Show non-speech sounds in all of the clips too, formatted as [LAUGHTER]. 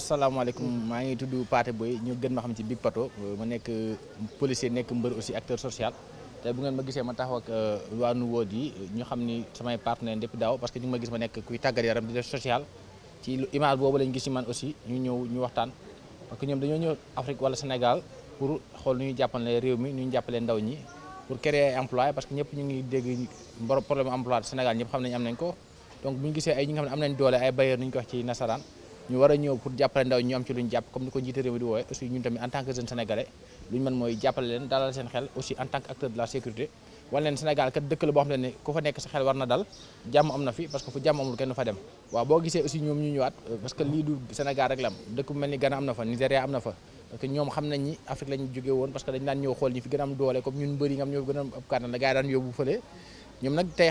asalaamaaleykum maa ngi tudd Pathé Boye ñu gën ma xam ci Big Pato euh, ma nekk euh, policier nekk mbër aussi acteur social te bu ngeen ma gisee ma taxaw ak euh, waa Nouveau yi ñu xam ni samay partenaire depuis daaw parce que ñu ngi ma gis ma nekk kuy tàggat yaram di def social ci image boobu lañ gis man aussi ñu ñëw ñu waxtaan parce que ñoom dañoo ñëw Afrique wala Sénégal pour xool nu ñu jàppale réew mi nu ñu jàppalee ndaw ñi pour créer emploi parce que ñëpp ñu ngi dégg problème emploi Sénégal ñëpp xam nañ am nañ ko donc bu ñu gisee ay ñi am nañ doole ay bailleurs ñu ko wax ci nasaraan ñu war a ñëw pour jàppale ndaw ñu am ci lu ñu jàpp comme ni ko njiite réew mi di woowe aussi ñun tamit en tant que jeune sénégalais lu ñu mooy jàppale leen dalal seen xel aussi en tant que acteur de la sécurité wan leen Sénégal kat dëkk la boo xam ne ku fa nekk sa xel war na dal jàmm am na fi parce que fu jàmm amul kenn fa dem waaw boo gisee aussi ñoom ñu ñëwaat euh, parce que lii du Sénégal rek la am dëkk mel ni Ghana am na fa Nigéria am na fa parce a am doole comme a am kàttan la gars yi daan yóbbu fële ñoom nag tey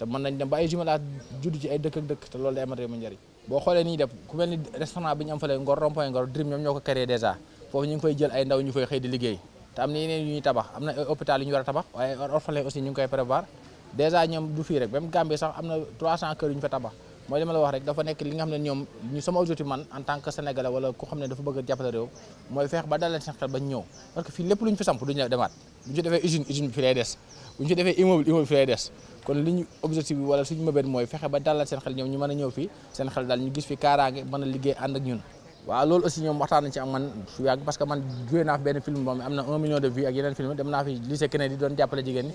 te mën nañ dem ba ay jumelage judd ci ay dëkk ak dëkk te loolu day amal réew mi njëriñ boo xoolee nii def ku mel ni restaurant bi ñu am fële ngor rond-point Dream ñoom ñoo ko créé dèjà foofu ñu ngi fay jël ay ndaw ñu fay xëy di liggéey ta am na yeneen yu ñuy tabax am na ay hôpital yu war a tabax waaye aussi ñu ngi koy prévoir dèjà ñoom du fii rek même Gambie sax am na 300 kër yu ñu fa tabax mooy li ma wax rek dafa nekk li nga xam ne ñoom sama objectif man en tant que sénégalais wala ku xam ne dafa bëgg a jàppale réew mooy feex fexe ba dalal seen xel ñoom ñu mën a ñëw fii seen xel daal ñu gis fi kaaraange mën a liggéey ànd ak ñun waaw loolu aussi ñoom waxtaan nañ ci ak man su yàgg parce que man joué naa fi benn film boo am na un million de vues ak yeneen film dem naa fi lycée Kennedy di doon jàppale jigéen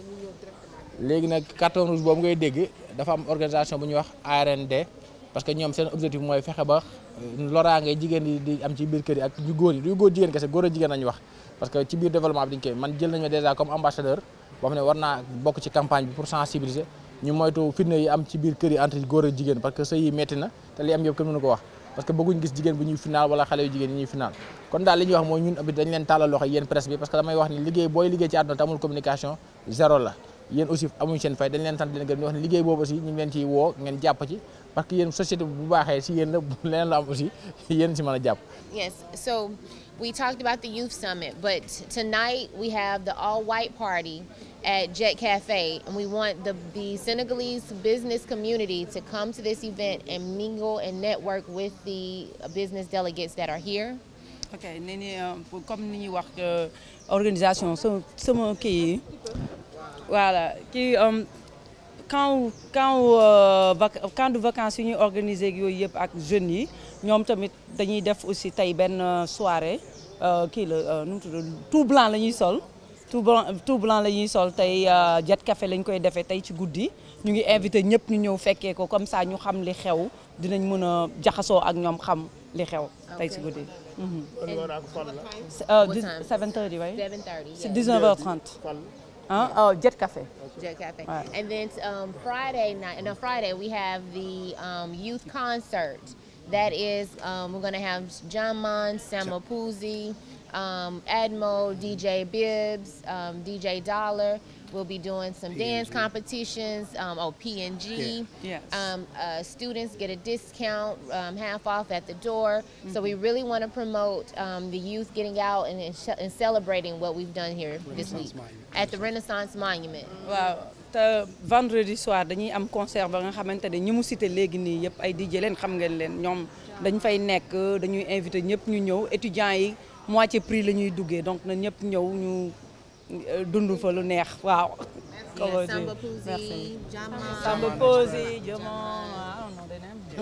léegi nag carton rouge boobu ngay dégg dafa am organisation bu wax ARND parce que ñoom seen objectif mooy fexe ba euh, loraange jigéen yi di am ci biir kër ak ñu góor yi du góor jigéen kese a jigéen nañu wax bi dañ koy man jël nañu déjà comme ambassadeur boo xam ne war naa bokk ci campagne bi pour sensibiliser ñu moytu fitna yi am ci biir kër yi entre góor ak jigéen parce que sëy te li am yëpp kenn mënu leen tàllal loxo yéen bi parce que damay wax ni liggéey booy liggéey ci àdduna te amul communication zéro la yéen aussi amuñu fay dañ leen sant leen gërëm wax ne liggéey boobu aussi ñu ngi leen ciy woo ngeen jàpp ci parce que yéen société bu baaxee si yéen la [LAUGHS] leneen la am aussi [LAUGHS] yéen si mën a jàpp. Yes, so we talked about the youth summit, but tonight we have the all-white party at Jet Cafe, and we want the, Senegalese business community to come to this event and mingle and network with the business delegates that are here. Euh, comme ni ñuy wax euh, organisation sama sama voilà ki camp camp camp de yu ñuy organiser ak yooyu yëpp ak jeunes yi ñoom tamit dañuy def aussi tey benn euh, soirée euh, kii la euh, nu tudd tout blanc la ñuy sol. tout blanc tout blanc la ñuy sol tey jet café lañ koy defee tey ci guddi ñu ngi invité ñëpp ñu ñëw fekkee ko comme ça ñu xam li xew dinañ mën a jaxasoo ak ñoom xam li xew tey ci guddi. kon mhm. Huh? Oh, Jet Cafe. Jet Cafe. Right. And then um, Friday night, no, Friday we have the um, youth concert. That is, um, we're going to have John Mon, Sam Mapuzzi, um, Admo, DJ Bibbs, um, DJ Dollar. We'll be doing some PNG. dance competitions. Um, oh, PNG. Yeah. Yes. Um, uh, students get a discount, um, half off at the door. Mm -hmm. So we mm-hmm. really want to promote um, the youth getting out and, and, celebrating what we've done here this week Monument. at the Renaissance Monument. Wow. vendredi soir dañuy am concert ba nga xamante ne ñi mu cité léegi nii yëpp ay DJ leen xam ngeen leen ñoom dañ fay nekk dañuy invité ñëpp ñu ñëw étudiants yi. moitié prix la ñuy duggee donc na ñëpp ñëw ñu dund fa lu neex waaw. merci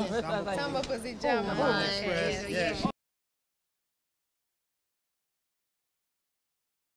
Samba Peuzzi Diama